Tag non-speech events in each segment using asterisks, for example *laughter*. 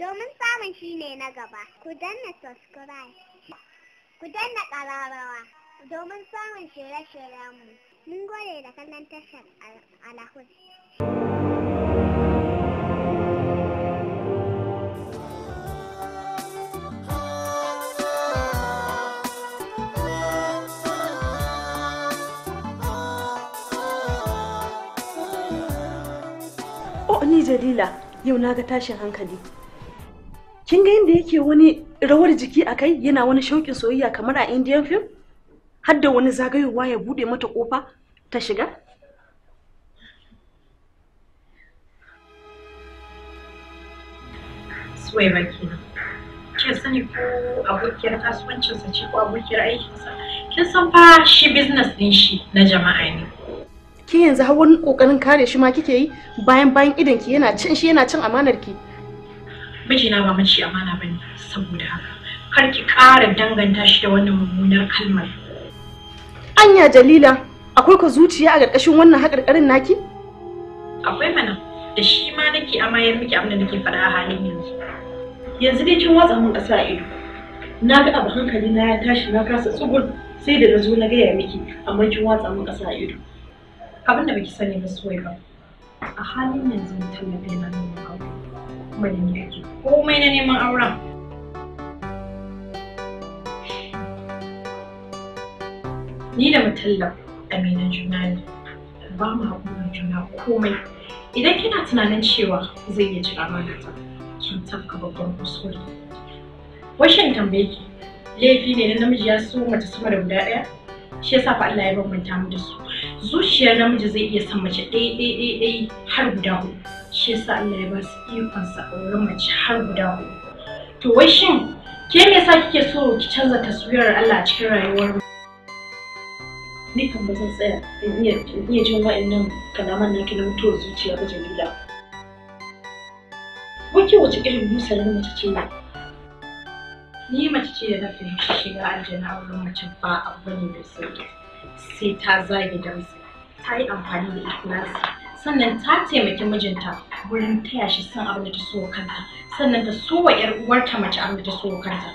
domin samun shi ne na gaba. Ku danna subscribe, ku danna ƙararrawa domin samun shirye-shiryenmu. Mun gode da kallon tashar alahun. Oh, ni Jalila, yau na ga tashin hankali. kin ga inda yake wani rawar jiki a kai yana wani shauƙin soyayya kamar a indian film har da wani zagayowa ya bude mata ƙofa ta shiga suwai baki ke sani ko abokiyar kasuwancinsa ce ko abokiyar aikinsa kin san fa shi business din shi na jama'a ne ki yanzu har wani kokarin kare shi ma kike yi bayan bayan idan ki yana cin shi yana cin amanar ki mijina ba mace amana bane saboda haka kar ki ƙara danganta shi da wannan mummunar kalmar anya jalila akwai ka zuciya a ƙarƙashin wannan haƙarƙarin naki akwai mana da shi ma nake amayar miki abin da nake faɗa a halin yanzu yanzu dai kin watsa mun ƙasa ido na ga abu hankali na ya tashi na kasa tsugun sai da na zo na gaya miki amma kin watsa mun ƙasa ido abin da baki sani ba soyayya a halin yanzu mutum na bai na nuna mutumin kirki komai na neman auren ni da mutalla aminan juna ne ba mu haƙurin juna komai idan kina tunanin cewa zai iya jira mana ta tafka babban kuskure washin tambaye laifi ne na namiji ya so mace sama da guda ɗaya shi yasa fa Allah ya bambanta mu da su zuciyar namiji zai iya san mace ɗaya ɗaya ɗaya har guda huɗu shi yasa Allah ya ba su ikon sa wurin mace har guda uku, to wai shin ke me yasa kike so ki canza taswirar Allah a cikin rayuwar mu ni kan ba zan tsaya in iya in iya jin wa'annan kalaman naki na mutuwar zuciya ba Jamila wace wace irin musalin mace ce ne ni mace ce da na fahimci shiga aljanna auren mace ba abu ne da sauki sai ta zage damsa ta yi amfani da ikhlasi sannan ta taimaki mijinta wurin taya shi san abin da ta so kanta sannan ta so wa yar uwarta mace abin da ta so kanta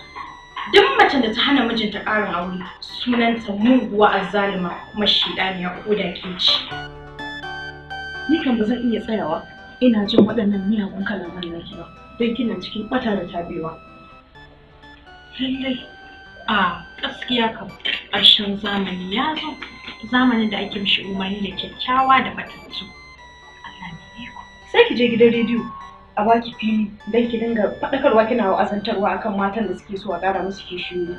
duk mace da ta hana mijinta ƙarin aure sunanta muguwa azzalima kuma shidaniya ko da ke ci ni kan ba zan iya tsayawa ina jin waɗannan miyagun kalaman naki ba don kina cikin ɓata da tabewa lallai a gaskiya kam ƙarshen zamani ya zo zamanin da ake mishi umarni da kyakkyawa da matattu sai ki je gidan rediyo a baki fili don ki dinga faɗakarwa kina wa'azantarwa akan matan da suke so a ƙara musu kishiyoyi.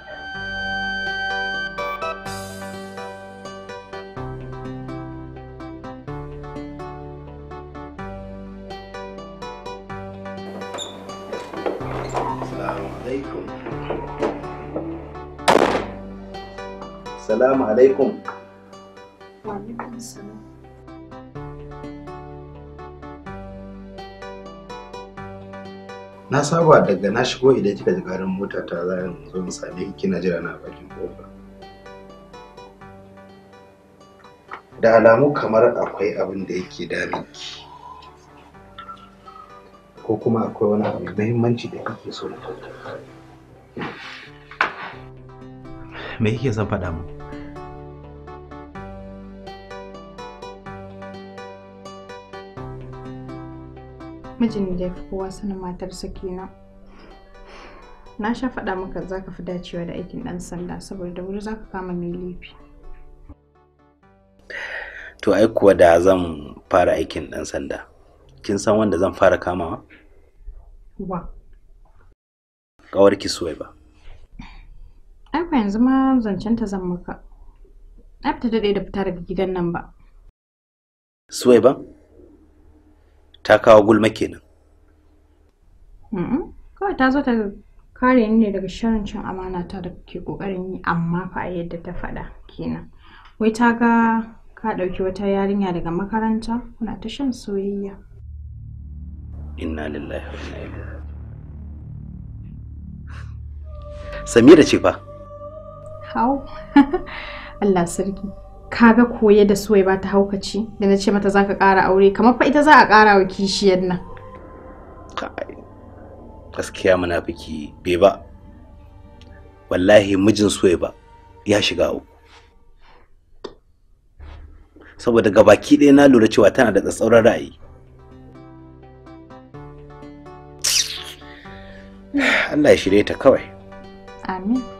Salamu alaikum. na saba daga na shigo idan kika ji garin mota ta za in zo in same ki kina jira na baki kofa da alamu kamar akwai abin da yake damin ki ko kuma akwai wani abu muhimmanci da kike so na tattauna me yake son faɗa muku? mijin da ya fi kowa sanin matarsa kenan na sha faɗa maka za ka fi dacewa da aikin ɗan sanda saboda wuri za ka kama mai laifi to ai kuwa da zan fara aikin ɗan sanda kin san wanda zan fara kamawa wa ƙawarki suwai ba ai ba yanzu ma zancen ta zan maka ai ta daɗe da fita daga gidan nan ba suwai ba ta kawo gulma kenan kawai ta zo ta kare ni ne daga shirin cin amana ta da ke kokarin yi amma fa a yadda ta faɗa kenan wai ta ga ka ɗauki wata yarinya daga makaranta kuna ta shan soyayya inna lillahi wa inna ilaihi samira ce fa hau *laughs* Allah sarki Ka ga koye da suwai ba ta haukaci da na ce mata za ka ƙara aure kamar fa ita za a ƙara wa kishiyar nan gaskiya munafiki bai ba wallahi mijin suwai ba ya shiga uku saboda gabaki ɗaya na lura cewa tana da tsatsauran ra'ayi *sighs* Allah ya shirye ta kawai amin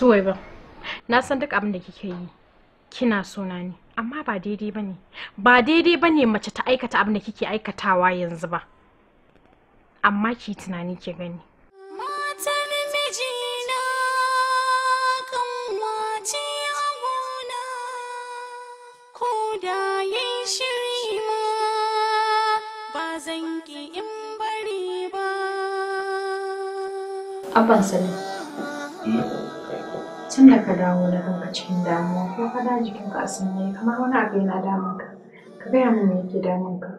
ba na san duk abin da kike yi. Kina sona ne, amma ba daidai ba ne. Ba daidai ba ne mace ta aikata abin da kike aikatawa yanzu ba. Amma ki tunani ki gani. Abban sani. Mm. tun da ka dawo na ganka cikin damuwa ko ka da jikinka a sanye kamar wani abu yana damun ka ka gaya min me yake damun ka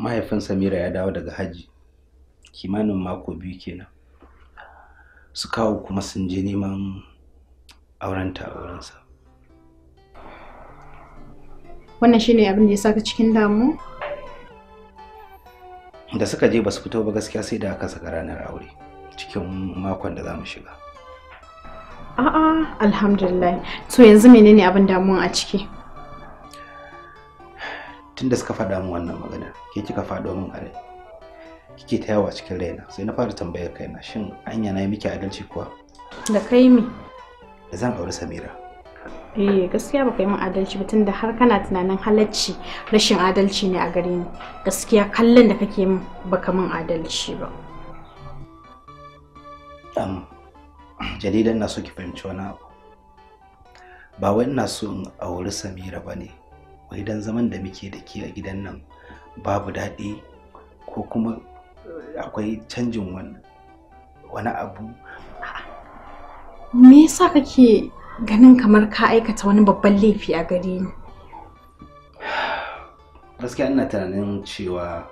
mahaifin samira ya dawo daga hajji kimanin mako biyu kenan su kawo kuma sun je neman aurenta a wurinsa wannan shine abin da ya saka cikin damu da suka je ba su fito ba gaskiya sai da aka saka ranar aure cikin makon da za mu shiga a'a alhamdulillah to yanzu menene abin damuwa a ciki tunda suka faɗa min wannan magana, ke kika faɗo min a rai kike ta yawa cikin raina sai na fara tambayar kaina shin anya na miki adalci kuwa da kai mi da zan aure samira eh gaskiya baka yi min adalci ba tunda har kana tunanin halacci rashin adalci ne a gare ni gaskiya kallon da kake min baka min adalci ba um, jaridan na so ki fahimci wani abu ba wai ina so in auri samira ba ne wai dan zaman da muke da ke a gidan nan babu daɗi ko kuma eh, akwai canjin wani abu me yasa kake ganin kamar ka aikata wani babban laifi a gare ni gaskiya ina tunanin cewa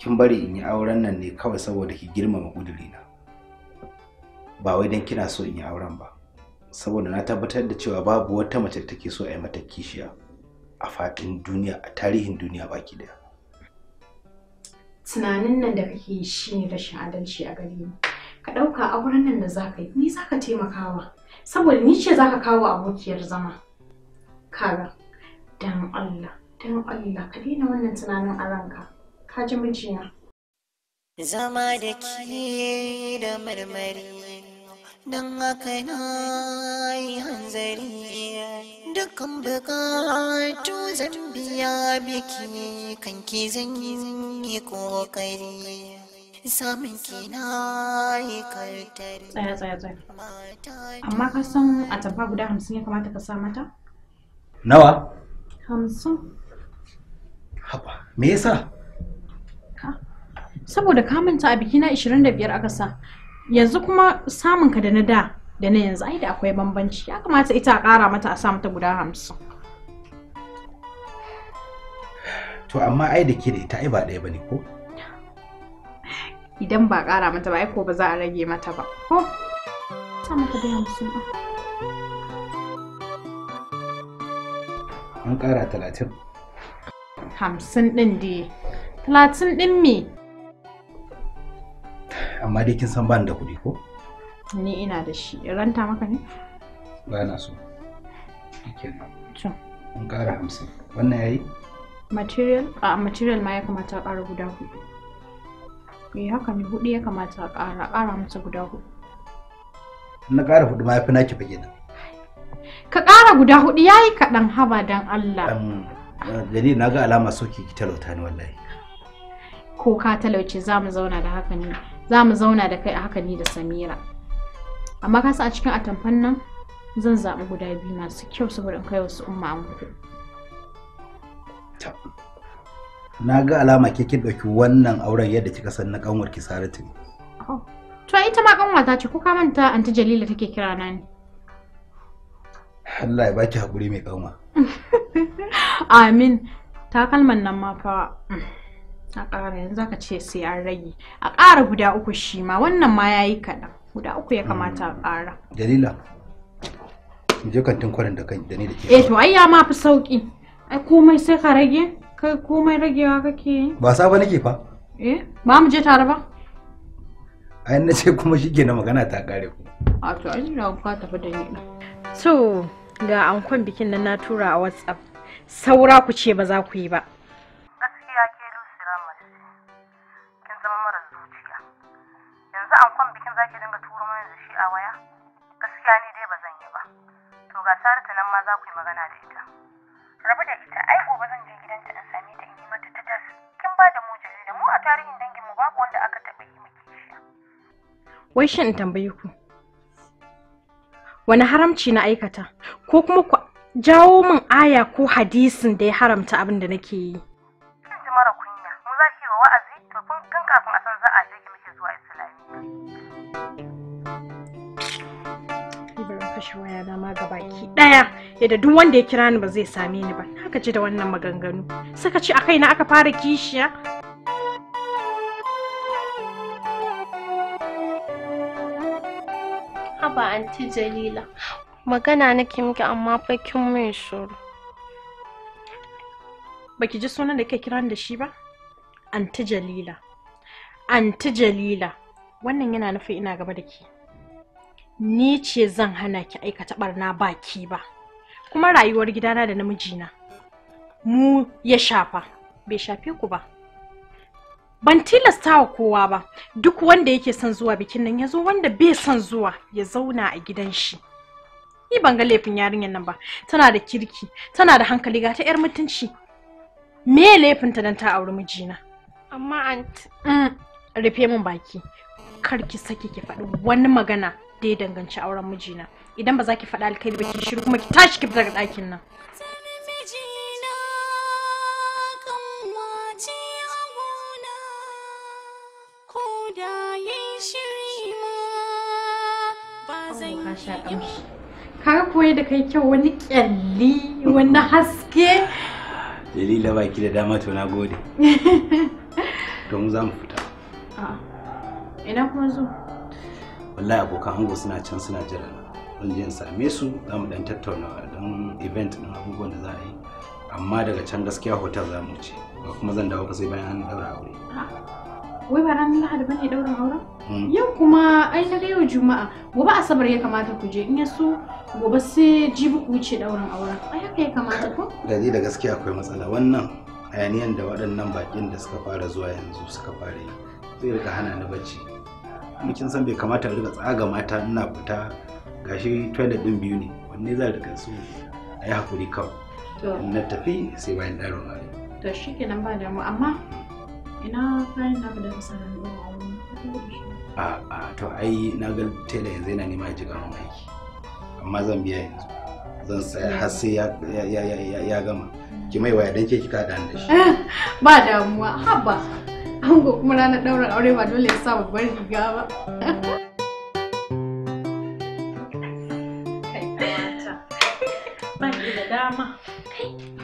kin bari in yi auren nan ne kawai saboda ki girmama na. ba wai don kina so in yi auren ba saboda na tabbatar da cewa babu wata mace da take so a yi mata kishiya a faɗin duniya a tarihin duniya baki daya tunanin nan da kake shi ne rashin adalci a gare ni ka ɗauka auren nan da zaka yi ni zaka taimakawa saboda ni ce zaka kawo abokiyar zama kaga dan Allah dan Allah ka daina wannan tunanin a ranka ka ji mijina zama da ke da marmari don haka na yi hanzari dukkan bukatu zan biya biki kanki zan yi kokari samun ki na yi kartari tsaya tsaya tsaya amma ka san a tamfa guda hamsin ya kamata ka sa mata nawa hamsin haba me yasa saboda ka manta a biki na 25 aka sa yanzu kuma samun ka da na da da na yanzu ai da akwai bambanci ya kamata ita a ƙara mata a sa mata guda hamsin to amma ai da ke da ita ai ba ɗaya ba ne, ko idan ba ƙara mata ba ai ko ba za a rage mata ba ko samu ta da hamsin ba an ƙara talatin hamsin ɗin dai talatin ɗin me amma dai kin san ban da kuɗi ko ni ina da shi ranta maka ne ba na so kenan an ƙara hamsin wannan yayi material a material ma ya kamata a ƙara guda hudu eh haka ne hudu ya kamata a ƙara ƙara masa guda hudu na ƙara hudu ma ya fi naki fage da. ka ƙara guda hudu yayi kaɗan haba dan Allah dalilin na ga alama soki ki talauta ni wallahi ko ka talauce za mu zauna da haka ne za mu zauna da kai a haka ni da samira amma kasa a cikin atamfan nan zan zaɓi guda biyu masu kyau saboda kai wasu umma an gudu na ga alama ke kin ɗauki wannan auren yadda kika san na kanwar ki saratu oh. to ita ma ƙanwata ce ko ka manta anti jalila take kira na ni. Allah ya baki hakuri mai kanwa *laughs* amin takalman nan ma fa a ƙara yanzu aka ce sai an rage a ƙara guda uku shi ma wannan ma ya yi kaɗan guda uku ya kamata a mm. ƙara dalila mu je kantin kwarin da kan da ni da ke eh to ai ya ma fi sauki ai komai sai ka rage kai komai ragewa kake yi ba sa ba nake fa eh ba mu je tare ba ai na ce kuma shi na magana ta ƙare ku a to ai na ka tafi da ni so ga ankon bikin nan na tura a whatsapp saura ku ce ba za ku yi ba yanzu ankon bikin zaki dinga turo mana da shi a waya gaskiya ne dai ba zan yi ba to ga sarata nan ma za ku yi magana da ita rabu da ita ai gobe zan je gidanta in same ta in yi mata ta tas kin ba da mu da mu a tarihin danginmu babu wanda aka taɓa yi miki shi wai shin in tambayi ku wani haramci na aikata ko kuma ku jawo min aya ko hadisin da ya haramta abin da nake yi Ka wa'azi to tun kafin a san za a je ki miki zuwa islami bari kashe waya na ga baki daya yadda duk wanda ya kira ni ba zai same ni ba na ji da wannan maganganu saka ce a kaina aka fara kishiya haba anti jalila magana nake miki amma fa kin min shiru baki ji sunan da kika kira ni da shi ba anti jalila anti jalila wannan yana nufi ina gaba da ke ni ce zan hana ki aikata barna baki ba kuma rayuwar gidana da namijina mu ya shafa bai shafe ku ba ban tilasta wa kowa ba duk wanda yake son zuwa bikin nan ya zo wanda bai son zuwa ya zauna a gidan shi ni ban ga laifin yarinyar nan ba tana da kirki tana da hankali ga ta yar mutunci me laifinta don ta auri mijina Amma aunt. Mm. Rufe min baki. Kar ki sake ki faɗi wani magana da ya danganci auren mijina. Idan ba za ki faɗi alkai ba ki shiru kuma ki tashi ki fita daga ɗakin nan. ka koyi da kai kyau wani kyalli wani haske dalila baki da dama to na gode *laughs* to mu za mu fita a'a ina kuma zo wallahi abokan hango suna can suna jira mun je in same su za mu dan tattauna dan event din abubuwan da za a yi amma daga can gaskiya hotel za mu ce ba kuma zan dawo ba sai bayan an daura aure wai ba ranar lahadi bane daura auren hmm. yau kuma ai kaga yau juma'a gobe asabar ya kamata ku je in ya so gobe sai jibi ku ce daura auren ai haka ya kamata ko da da gaskiya akwai matsala wannan hayaniyan da waɗannan bakin da suka fara zuwa yanzu suka fara yi zai rika hana ni bacci kuma kin san bai kamata rika tsaga mata ina fita gashi toilet din biyu ne wanne za rika su a yi hakuri kawai na tafi sai bayan ɗarin ne. to shi nan ba mu amma ina kayan na da kasa da a a to ai na ga tela yanzu yana nema ya ji aiki amma zan biya yanzu zan tsaya har sai ya gama ki mai waya dan ke kika da shi eh, ba damuwa haba an go kuma na daura aure ba dole ya sa babbar riga ba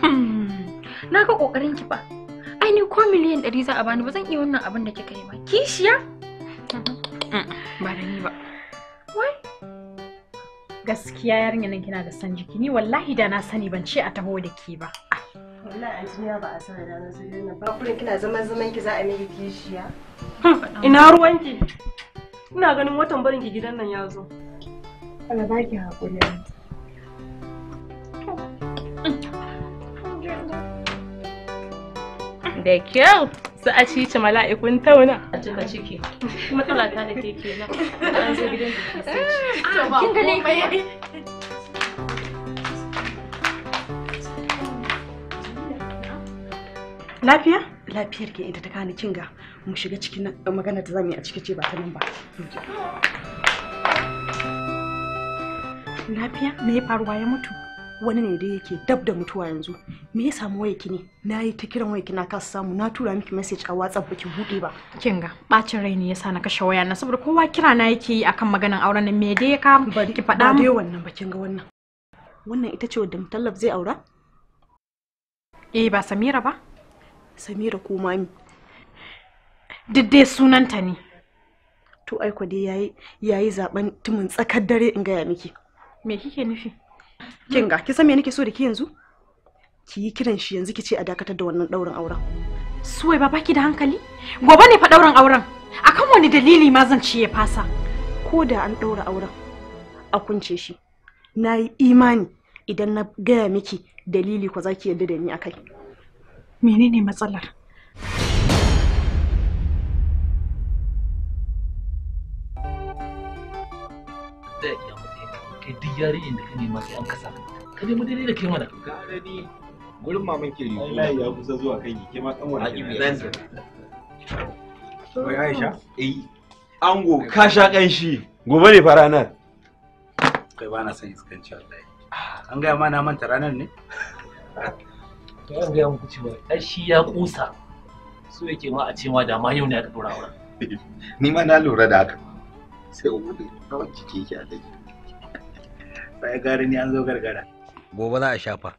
hmm. Na ga kokarin ki ba. Ai ni ko miliyan 100 za a bani ba zan iya wannan abin da kika yi ba. Kishiya? Mm-hmm. Mm-hmm. Ba da ni ba. Wai? gaskiya yarinya nan kina da san jiki ni wallahi da na sani ban ce a taho da ke ba wallahi ajiya ba a san da na sani nan ba kullum kina zaman zaman ki za a miki kishiya ina ruwan ki? ina ganin watan barin ki gidan nan ya zo Allah baki hakuri da kyau su a cici mala'ikun tauna. A cika ciki. Matsala ta da An zo gidan da ke sai ci. Ah, kin Lafiya? Lafiyar ke ita ta kani kin mu shiga cikin magana da zamu yi a cikin ce ba ta nan ba. Lafiya? Me ya faruwa ya mutu? wani ne da yake dab da mutuwa yanzu me ya samu wayaki ne na yi ta kiran wayaki na kasa samu na tura miki message a whatsapp baki bude ba kin ga bacin rai ne yasa na kashe waya na saboda kowa kira na yake yi akan maganan auren nan me ya ka ki faɗa mu dai wannan bakin ga wannan wannan ita ce wadda mutallab zai aura eh ba samira ba samira ko mami duk dai sunanta ne to aiko dai yayi yayi zaben tumin tsakar dare in gaya miki me kike nufi kinga hmm. ga ki san me nake so da ki yanzu ki yi kiran shi yanzu ki ce a dakatar da wannan daurin auren suwai ba baki da hankali gobe ne fa daurin auren akan wani dalili ma zan ci ya fasa ko da an daura auren a kunce shi na yi imani idan na gaya miki dalili ko za ki yarda da ni akai menene matsalar kai duk yarinyar da kane nema sai an kasa ka nemi daidai da kai mana ka gani gurin maman ke rigo wallahi ya kusa zuwa kan ke ma kan wani zan zan wai Aisha eh ango ka sha kanshi gobe ne fara nan kai ba na son iskanci wallahi ah, an ga ma na manta ranar ne to an gaya muku cewa ai shi ya kusa so yake ma a cewa da ma yau ne aka dora wa *laughs* ni ma na lura da haka sai ubu da kawai kike ki a dake sai gari ni an zo gargara gobe za a shafa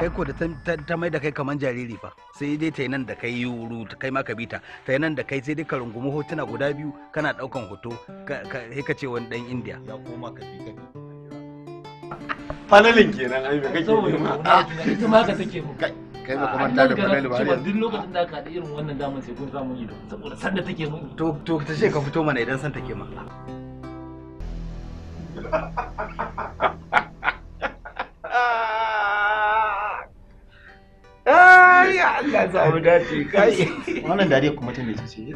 kai ko da ta mai da kai kaman jariri fa sai dai ta nan da kai yuru ta kai ma ka bi ta nan da kai sai dai ka rungumi hotuna guda biyu kana daukan hoto sai ka ce wani dan indiya ya koma ka bi ka bi fanalin kenan ai ba kake ma ka take mu kai ba kuma ta da fadali ba duk lokacin da aka da irin wannan damar sai kun samu ido saboda sanda take mun to to ta ce ka fito mana idan san take ma Ai Allah ya samu dace kai wannan dariya kuma ta mece ce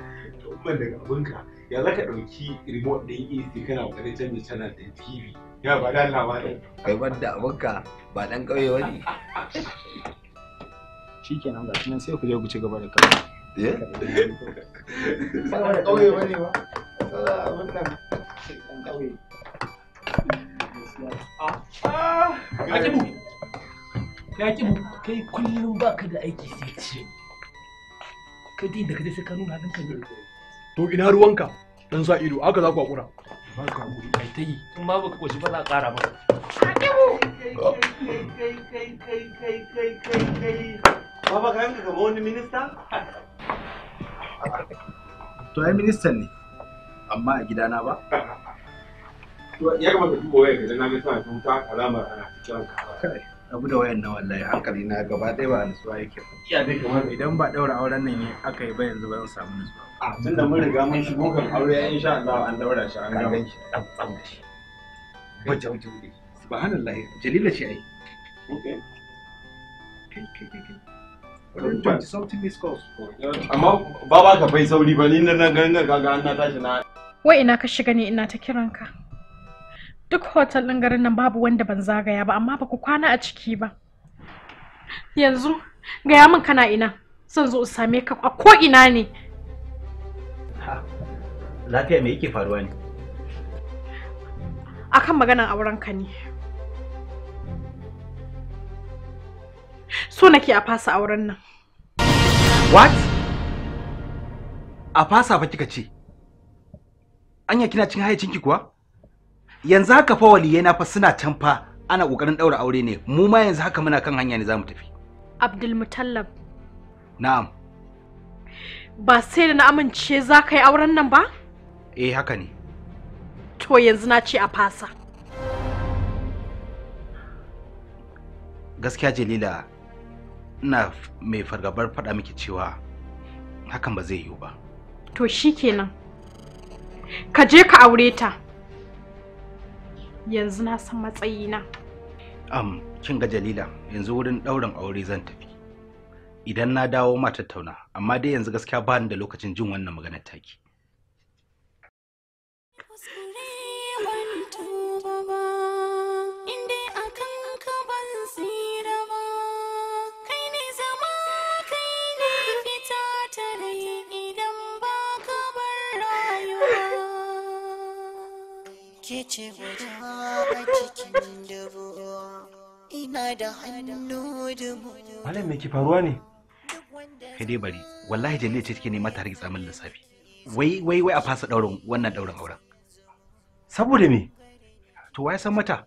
ban daga abinka ya za ka ɗauki remote ɗin AC kana ƙoƙarin canza channel ɗin TV ya ba da labarin kai ban da abinka ba ɗan ƙauye wani shikenan gashi nan sai ku je ku ci gaba da kai eh ba kauye bane ba wannan dan kauye a a kibu ya kibu kai kullum baka da aiki sai ci ka din da kaje sai ka nuna ɗinka ne to ina ruwanka dan sa ido haka za ku hakura ba ka hakuri kai ta yi in ba baka kwashi ba za a ƙara maka a Kai, kai kai kai kai kai kai kai Baba ka yanka wani minista? To ai ministan ne, amma a gidana ba. Ya kamata duba wayar da na ga tana tuta alamar ana cikin ka. abu da wayan na wallahi hankali na gaba ɗaya ba a nutsuwa yake iya dai kamar idan ba ɗaura auren nan aka yi ba yanzu ba zan samu nutsuwa a tun da mun riga mun shigo kan aure ya insha Allah an daura shi an gan shi dan tsam da shi wajen wajen subhanallah jalila ce ai okay Okay, okay, amma ba ka sauri ba ni na ganin ka na tashi na wai ina ka shiga ne ina ta kiran ka duk hotel ɗin garin nan babu wanda ban zagaya ba amma ba ku kwana a ciki ba yanzu gaya min kana ina son zo same ka a ko ina ne lafiya me yake faruwa ne akan maganan auren ka ne so nake a fasa auren nan what a fasa fa kika ce anya kina cin hayacinki kuwa yanzu haka fa waliye na fa suna can fa ana kokarin daura aure ne mu ma yanzu haka muna kan hanya ne zamu tafi Abdulmutallab. na'am ba sai da na amince za ka yi auren nan ba eh haka ne to yanzu na ce a fasa gaskiya jalila ina mai fargabar faɗa miki cewa hakan ba zai yiwu ba to shikenan ka je ka aure ta yanzu na san matsayina am kin ga jalila yanzu wurin ɗaurin aure zan tafi idan na dawo ma tattauna amma dai yanzu gaskiya ba ni da lokacin jin wannan maganar taki kece ce a cikin ina da hannu dubu malam me ke faruwa ne kai dai bari wallahi jalle ce take nema ta rage tsamin lissafi wai wai wai a fasa daurin wannan daurin auren saboda me to wai san mata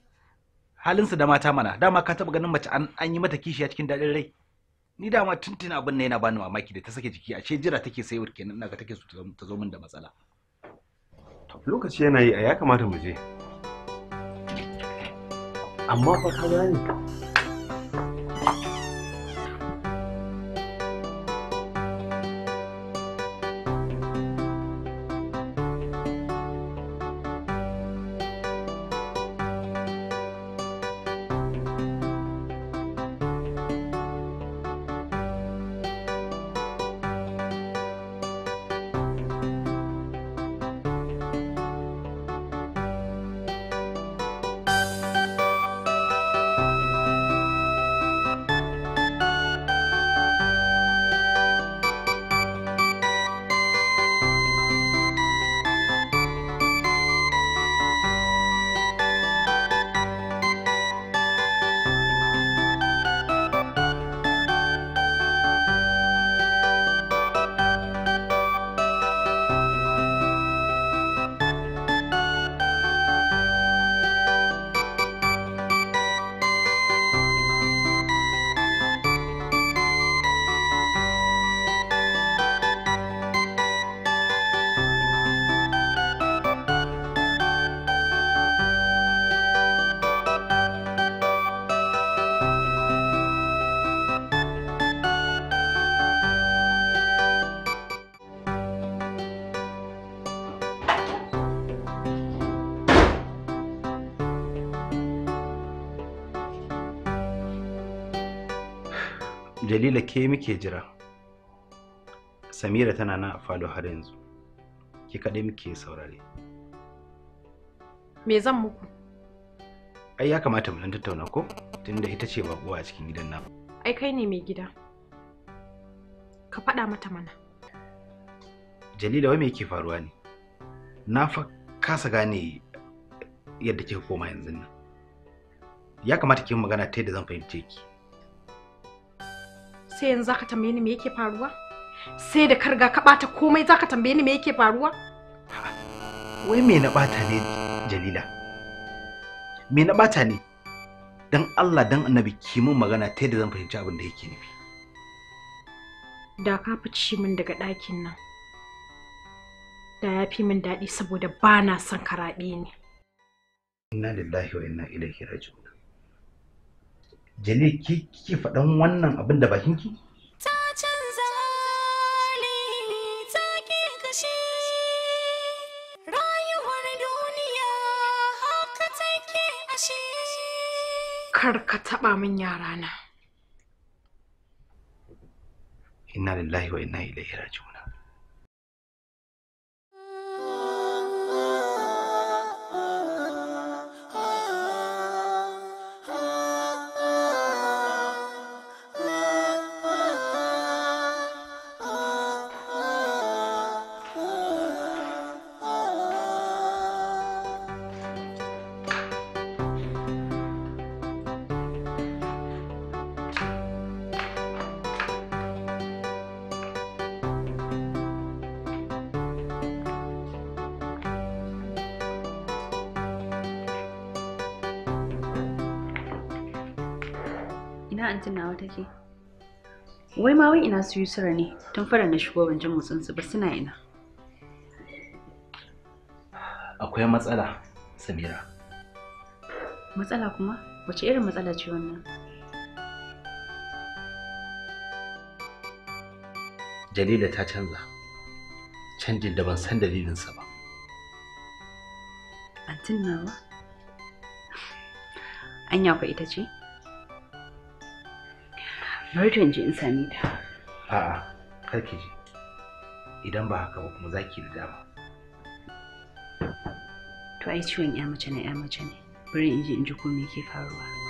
halinsu da mata mana dama ka taba ganin mace an yi mata kishiya cikin daɗin rai ni dama tuntuna abin ne yana bani mamaki da ta sake jiki a ce jira take sai kenan naga take so ta zo min da matsala lokaci yana yi a ya kamata mu je amma fa ka gani Jalila ke muke jira. Samira tana na falo har yanzu. Ki kaɗai muke saurare. Me zan muku? Ai ya kamata mu tattauna ko? Tunda ita ce baƙuwa a cikin gidan nan. Ai kai ne mai gida. Ka faɗa mata mana. Jalila wai me yake faruwa ne? Na fa kasa gane yadda kika koma yanzu nan. Ya kamata ki magana ta yadda zan fahimce ki. sai yanzu zaka tambaye ni me yake faruwa sai da karga ka bata komai zaka tambaye ni me yake faruwa wai me na bata ne jalila me na bata ne dan Allah dan annabi ki mun magana ta yadda zan fahimci abin da yake nufi da ka fice min daga ɗakin nan da ya fi min daɗi saboda ba na son karaɓe ne inna lillahi wa inna ilaihi raji'un jale ki kike faɗan wannan abin da bakinki? Ta canza hali ta ki kashi rayuwar duniya haka take ashe. Kar ka taɓa min yarana. Inna lillahi wa inna ilaihi raji'un. ina antin nawa take wai ma wai ina su yusura ne tun fara na shigo ban ji motsin su ba suna ina akwai matsala samira matsala kuma wace irin matsala ce wannan jalila ta canza canjin da ban san dalilinsa ba antin nawa anya fa ita ce bari ta je in same ta a'a kar ki ji. idan ba haka ba kuma za ki da dama to ai ciwon ya mace na ya mace ne bari in ji in ji ko me ke faruwa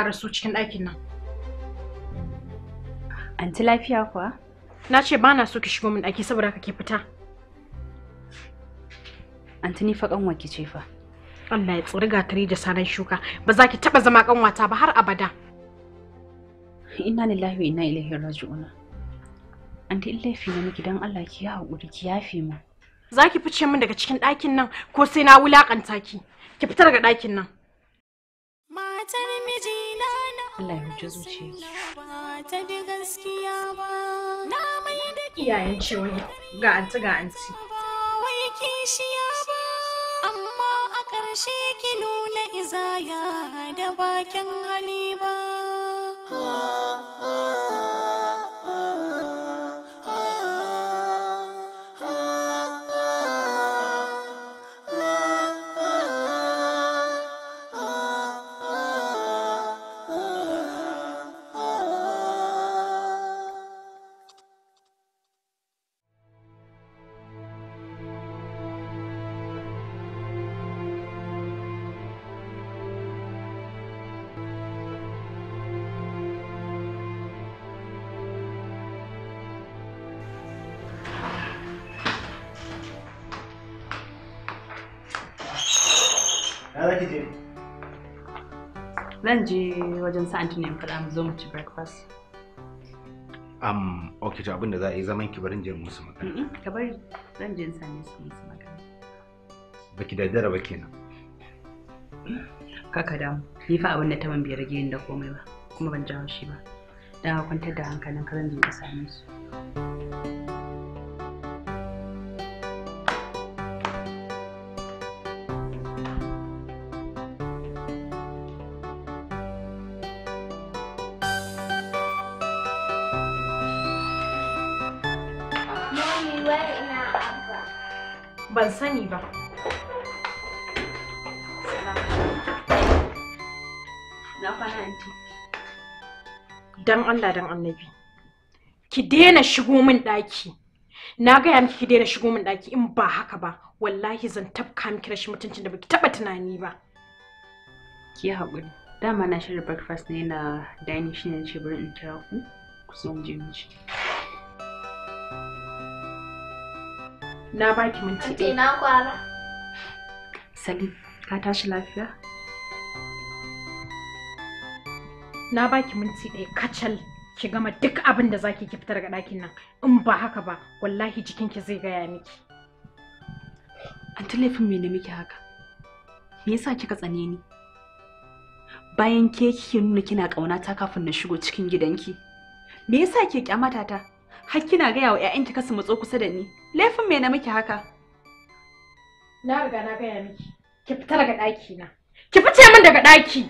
ƙara su cikin ɗakin nan. Anti lafiya kuwa? Na ce ba na so ki shigo min ɗaki saboda kake fita. Anti ni fa ƙanwa ki ce fa. Allah ya tsori gatari da sanan shuka ba za ki taɓa zama ƙanwata ba har abada. Inna lillahi wa inna ilaihi raji'una. Anti in laifi ne miki dan Allah ki ya haƙuri ki yafe mu. Za ki fice min daga cikin ɗakin nan ko sai na wulaƙanta ki. Ki fita daga ɗakin nan. Allah ya wuce zuciyarki. Iyayen ce wani ga anti ga anti. Amma a ƙarshe ki nuna izaya da bakin hali ba. je wajen sa anti ne faɗa mu zo mu ci breakfast. Um, ok, to abinda za a yi zaman ki barin je musu magana. Ka bari zan je same su musu magana. Baki da dare ba kenan. Kaka damu, ni fa abin da ta man bai rage yin da komai ba, kuma ban jawo shi ba. Dan kwantar da hankalin ka zan je ka same su. ban sani ba na dan Allah dan annabi ki daina shigo min daki na gaya miki ki daina shigo min daki in ba haka ba wallahi zan tafka miki rashin mutuncin da baki taba tunani ba ki hakuri. dama na shirya breakfast ne na dining shi ne ce bari in kira ku ku zo mu je mu ci Na baki minti ɗaya. na kwara. Salim, ka tashi lafiya? Na baki minti ɗaya kacal ki gama duk abin da zaki ki fitar daga ɗakin nan. In ba haka ba, wallahi jikinki zai gaya miki. An laifin me miki haka? Me yasa kika tsane ni? Bayan ke kike nuna kina ƙaunata kafin na shigo cikin gidanki. Me yasa ke kyamata ta? Har kina gaya wa 'ya'yanki kasu matso kusa da ni? lefin me na miki haka? Na riga na gaya miki. Ki fita daga ɗaki na. Ki fice min daga ɗaki.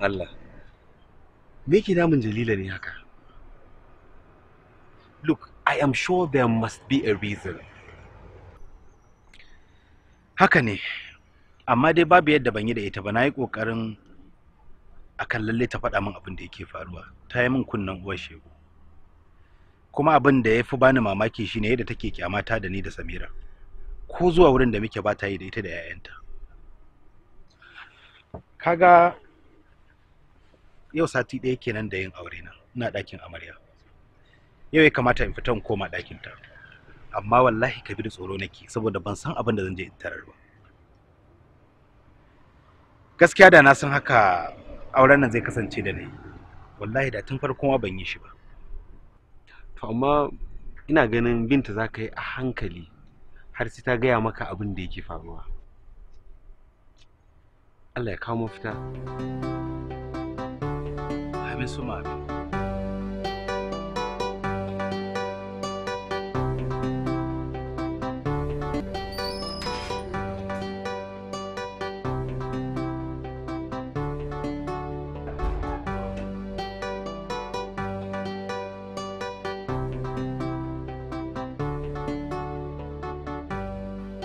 Allah me yake namun Jalila ne haka look I am sure there must be a reason haka ne amma dai babu yadda ban yi da ita ba na yi ƙoƙarin akan lalle ta faɗa min abin da yake faruwa ta yi min kunnen uwar shegu kuma abin da ya fi bani mamaki shine yadda take kyamata da ni da samira ko zuwa wurin da muke ba ta yi da ita da 'ya'yanta kaga yau sati ɗaya kenan da yin aure na ina ɗakin amarya yau ya kamata in fita in koma ɗakin ta amma wallahi kabir tsoro nake saboda ban san abin da zan je in tarar ba gaskiya da na san haka auren nan zai kasance da ni wallahi da tun farko ma ban yi shi ba to amma ina ganin binta za ka yi a hankali har sai ta gaya maka abin da yake faruwa Allah ya kawo mafita.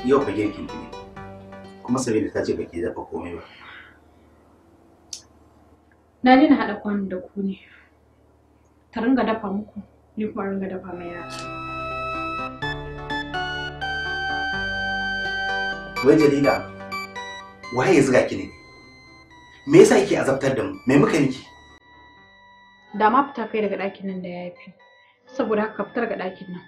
Eu peguei aqui, ki ne kuma sabida ta ce baki dafa na daina haɗa kwan da ku ne ta ringa dafa muku ni kuma ringa dafa mai yara wai jarida waye ya zuga ki ne me yasa yake azabtar da mu me muka niki da ma fita kai daga ɗakin nan da ya fi saboda haka ka fitar ga ɗakin nan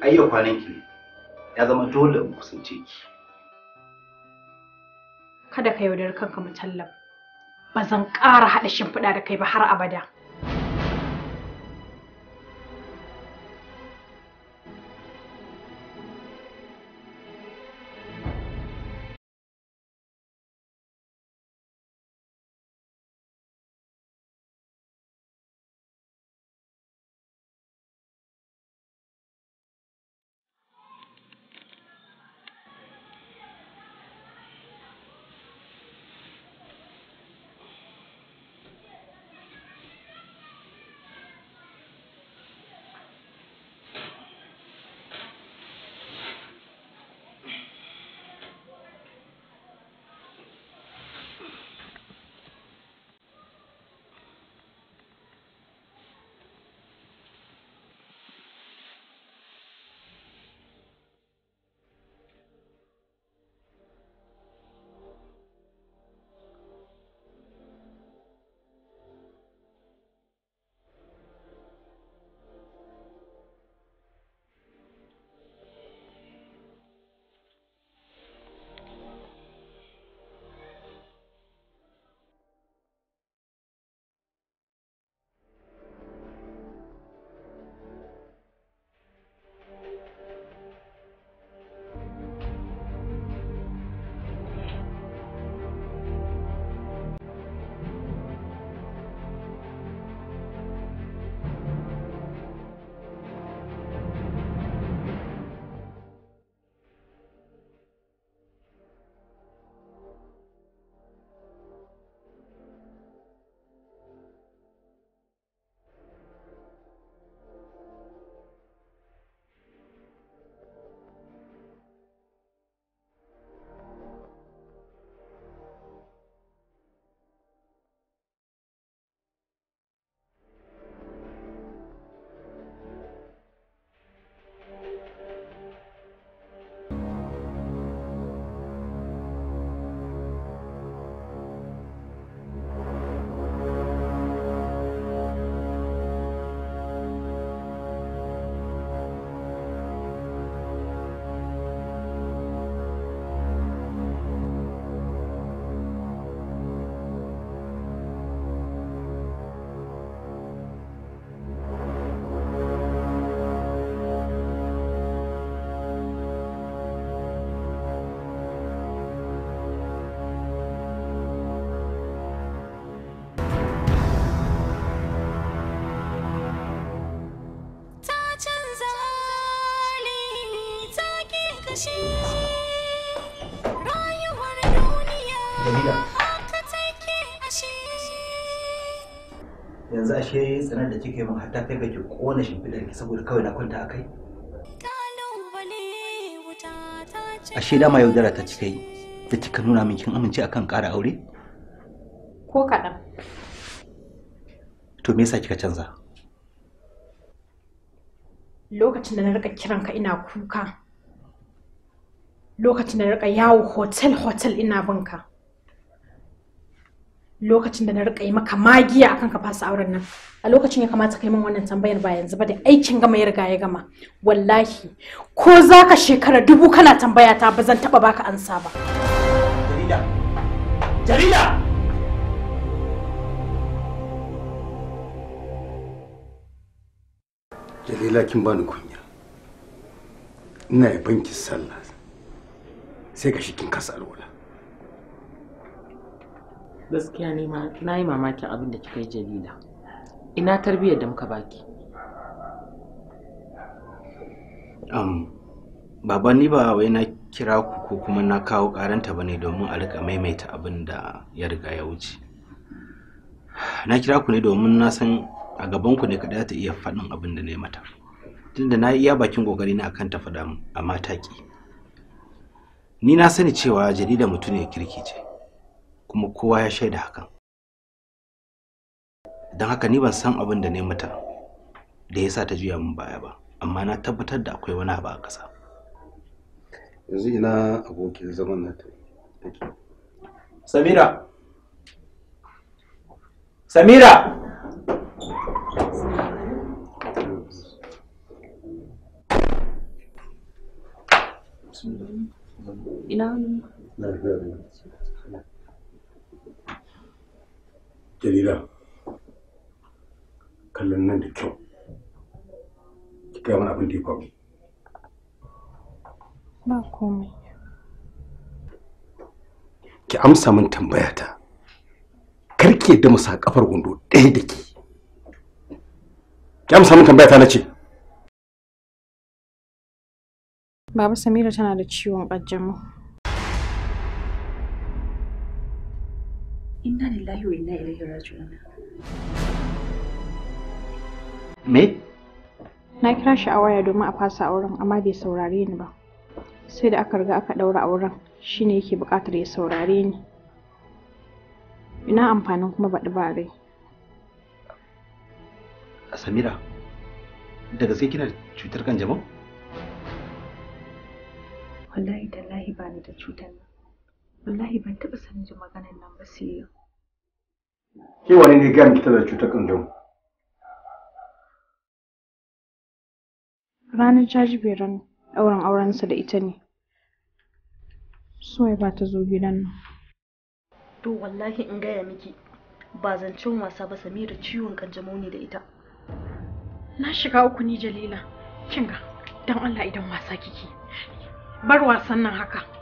ayyo kwanan ki ne ya zama dole in kusance ki kada ka yaudari kanka mutallab ba zan ƙara haɗa shimfiɗa da kai ba har abada yanzu ashe tsanar da kike min hatta kai kake kona shimfidar ki saboda kawai na kwanta akai ashe dama yaudara ta cika yi da kika nuna min kin amince akan ƙara aure ko kaɗan to me yasa kika canza lokacin da na rika kiran ka ina kuka lokacin da na rika yawo hotel hotel ina bin ka lokacin da na rika yi maka magiya akan ka fasa auren nan a lokacin ya kamata kai min wannan tambayar ba yanzu ba da aikin gama ya riga ya gama wallahi ko za ka shekara dubu kana tambaya ta ba zan taba baka ansa ba jarida jarida jarida kin bani kunya ina banki sallah sai ka shi kin kasa alwala gaskiya ne ma na yi mamakin abin da kika yi jalila ina tarbiyyar da muka baki um, baba ni ba wai na kira ku ko kuma na kawo karanta ba ne domin a rika maimaita abin da ya riga ya wuce na kira ku ne domin na san a gaban ku ne kada ta iya faɗin abin da na yi mata tunda na iya bakin kokari na akan ta faɗa amma mataki. ni na sani cewa jarida mutum ne kirki ce kuma kowa ya shaida hakan don haka ni ban san abin da ne mata da ya sa ta juya min baya ba amma na tabbatar da akwai wani abu a ƙasa yanzu ina abokin zaman samira samira ina Jalila, kallon nan da kyau. Ki gaya mana abin da ya faru. Ba komai. Ki amsa min tambaya ta. Kar ki yadda mu sa kafar gundo ɗaya da ke. Ki amsa min tambaya ta na ce. Baba Samira tana da ciwon ƙanjamau. inna lillahi wa inna ilaihi raji'un me na kira shi a waya domin a fasa auren amma bai saurare ni ba sai da aka riga aka daura auren shine yake bukatar ya saurare ni ina amfanin kuma baɗi ba rai samira da gaske kina cutar kan kanjamau wallahi tallahi ba ni da cutar wallahi ban taɓa sanin maganar nan ba sai yau Ke wani ne gan miki da cutar Ranar jajiberin auren aurensa da ita ne. Suwaiba ta zo gidan nan. To wallahi in gaya miki ba zancen wasa ba Samira ciwon kanjamau ne da ita. Na shiga uku ni Jalila. Kinga, don Allah idan wasa kike. Bar wasan nan haka.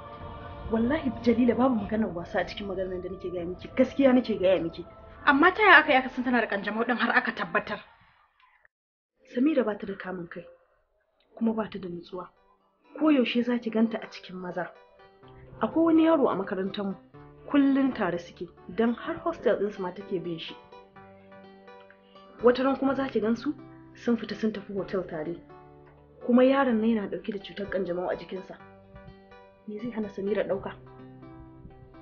wallahi jalila babu maganar wasa a cikin maganar da nake gaya miki gaskiya nake gaya miki amma ta yaya aka yi aka san tana da kanjamau din har aka tabbatar samira ba ta da kamun kai kuma ba ta da nutsuwa koyaushe za ki ganta a cikin maza akwai wani yaro a makarantar mu kullum tare suke dan har hostel ɗinsu ma take bin shi wata ran kuma za ki gansu sun fita sun tafi hotel tare kuma yaron na yana ɗauke da cutar kanjamau a jikinsa me zai hana samira ɗauka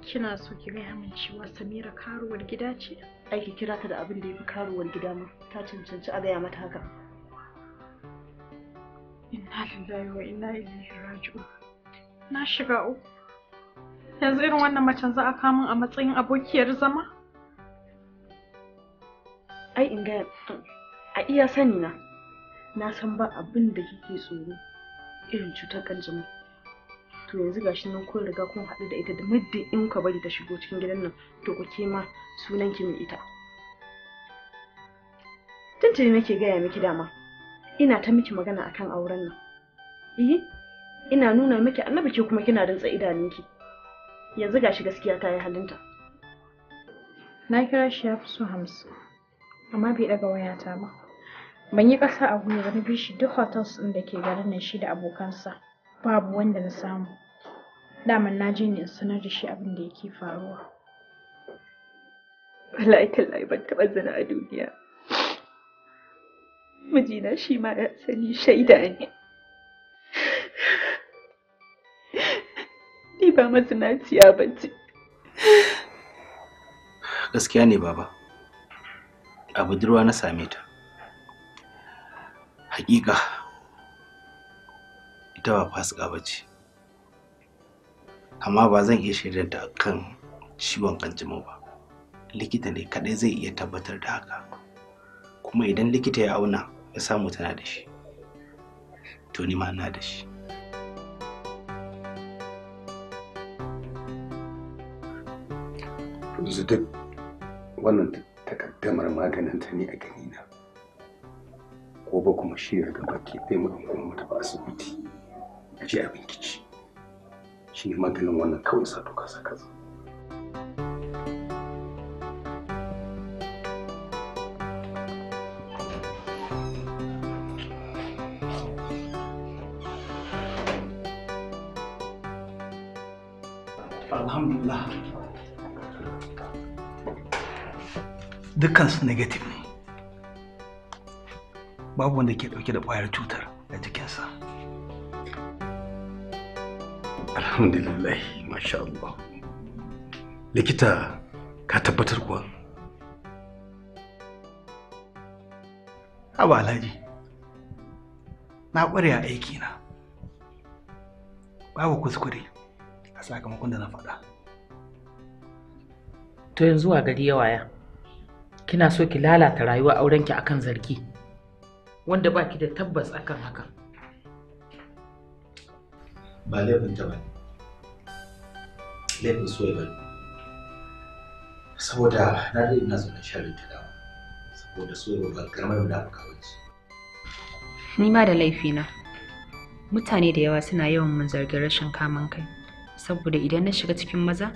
kina so ki gaya min cewa samira karuwar gida ce aiki kira ta da abin da ya fi karuwar gida ma ta cancanci a gaya mata haka inna lillahi wa inna ilaihi raji'un na shiga uku yanzu irin wannan macen za a mun a matsayin abokiyar zama ai in gaya a iya sani na na san ba abin da kike tsoro irin cutar kanjamau to yanzu gashi nan kun riga kun haɗu da ita da muddin in ka bari ta shigo cikin gidan nan to ku ke ma sunan ki mai ita tuntuni nake gaya miki dama ina ta miki magana akan auren nan eh ina nuna miki annabi ke kuma kina rantsa idanunki yanzu gashi gaskiya ta yi halinta na kira shi ya fi so hamsin amma bai daga wayata ba ban yi ƙasa a ba na bi shi duk hotels ɗin da ke garin nan shi da abokansa babu wanda na samu daman na je ne in sanar da shi abin da yake faruwa wallahi tallahi ban taɓa zana a duniya mijina shi ma ya sani shaida ne ni ba mazinaciya ba ce gaskiya ne baba a budurwa na same ta hakika ita ba fasika ba ce amma ba zan iya shaidar da kan ciwon kanjamau ba likita ne kaɗai zai iya tabbatar da haka kuma idan likita ya auna ya samu tana da shi to ni ma na da shi duk wannan takaddamar maganin ta ne a ganina ko ba kuma shi ya gaba ke taimaka kuma ta asibiti a ji abin kici shi maganin wannan kawai sa doka sa kaza alhamdulillah su negative ne babu wanda ke dauke da kwayar cutar a jikinsa alhamdulillah masha Allah likita ka tabbatar kuwa haba alhaji na ƙware a aikina babu kuskure a sakamakon da na faɗa to yanzu a gari waya kina so ki lalata rayuwa aurenki akan zargi wanda baki da tabbas akan hakan ba laifin ta ne. laifin so ya saboda na da ina zaune sharin ta dama saboda so ya karamar da aka kawo ni ma da laifina mutane da yawa suna yawan mun zargin rashin kamun kai saboda idan na shiga cikin maza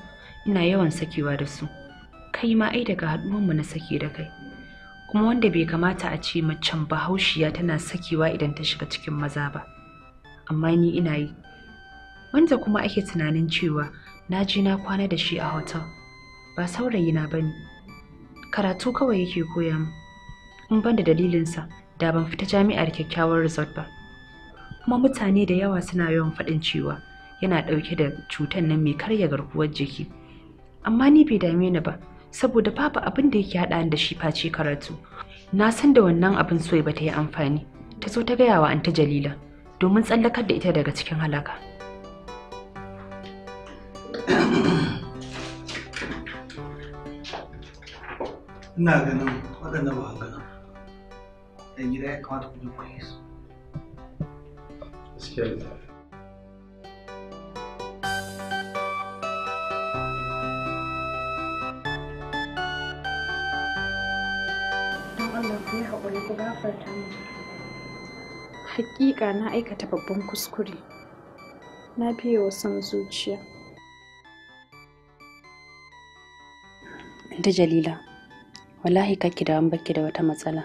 ina yawan sakewa da su kai ma ai daga haɗuwanmu na sake da kai kuma wanda bai kamata a ce macen bahaushiya tana sakewa idan ta shiga cikin maza ba amma ni ina yi wanda kuma ake tunanin cewa na ji na kwana da shi a hotel ba saurayi ba ne karatu kawai yake koya mu in ban da dalilinsa da ban fita jami'ar kyakkyawar resort ba kuma mutane da yawa suna yawan faɗin cewa yana ɗauke da cutar nan mai karya garkuwar jiki amma ni bai dame ni ba saboda babu abin da yake haɗa da shi face karatu na san da wannan abin soyi ba ta yi amfani ta zo ta gaya wa anta jalila domin tsallakar da ita daga cikin halaka. ina ganin waɗanda ba ganin da gida ya kamata ku je ku yi su gaskiya ku gafarta mu hakika na aikata babban kuskure na biye wa san zuciya da Jalila, wallahi ki da baki da wata matsala.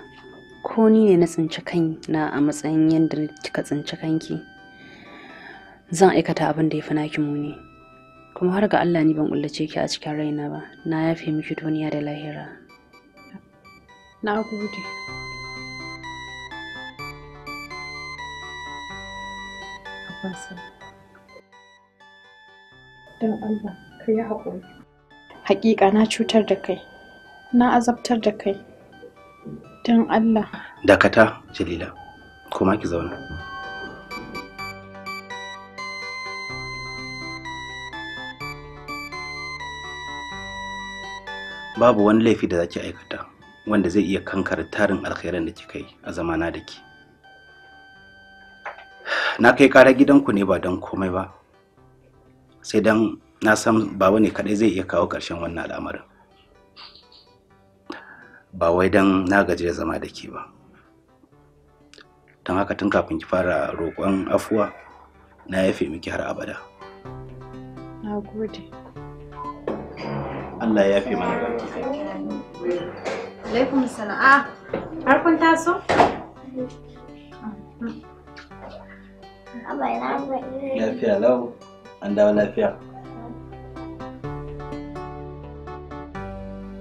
Ko ni ne na tsinci kan na a matsayin yadda kika tsinci kanki. Zan aikata abin da ya fi naki muni. Kuma har ga Allah ni ban ƙullace ki a cikin raina ba. Na yafe miki duniya da lahira. Na gode. Don Allah, ka yi haƙuri. Hakika na cutar da kai, na azabtar da kai, don Allah. Dakata, Jalila, kuma ki zauna. Babu wani laifi da za zaki aikata wanda zai iya kankare tarin alkhairan da kika yi a zamana da ke. Na kai kara gidanku ne ba don komai ba, sai don na san ba ne kadai zai iya kawo ƙarshen wannan al'amarin ba wai don na gaji zama da ke ba don haka tun kafin ki fara roƙon afuwa na yafe miki har abada na gode Allah ya fi mana alaikum sana'a ah, har kun taso lafiya lau an dawo lafiya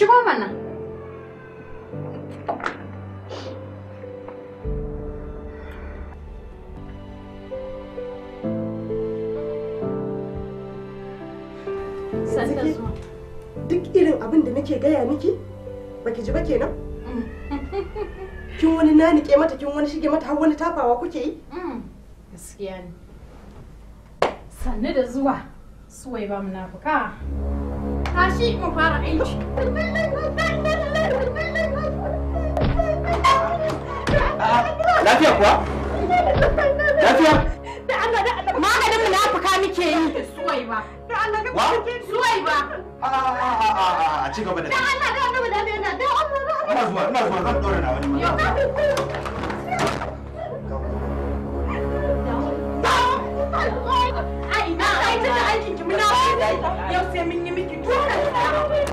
shigo mana duk irin abin da nake gaya miki baki ji ba kenan kin wani nanike mata kin wani shige mata har wani tafawa kuke yi mm. gaskiya ne sannu da zuwa suwai ba munafuka kashi lafiya kuwa lafiya da Allah da Allah munafuka muke yi suwaiba da Allah a a ci gaba da da Allah da Allah da Allah da Allah ina zuwa ina zuwa zan na wani E eu a menina de tudo.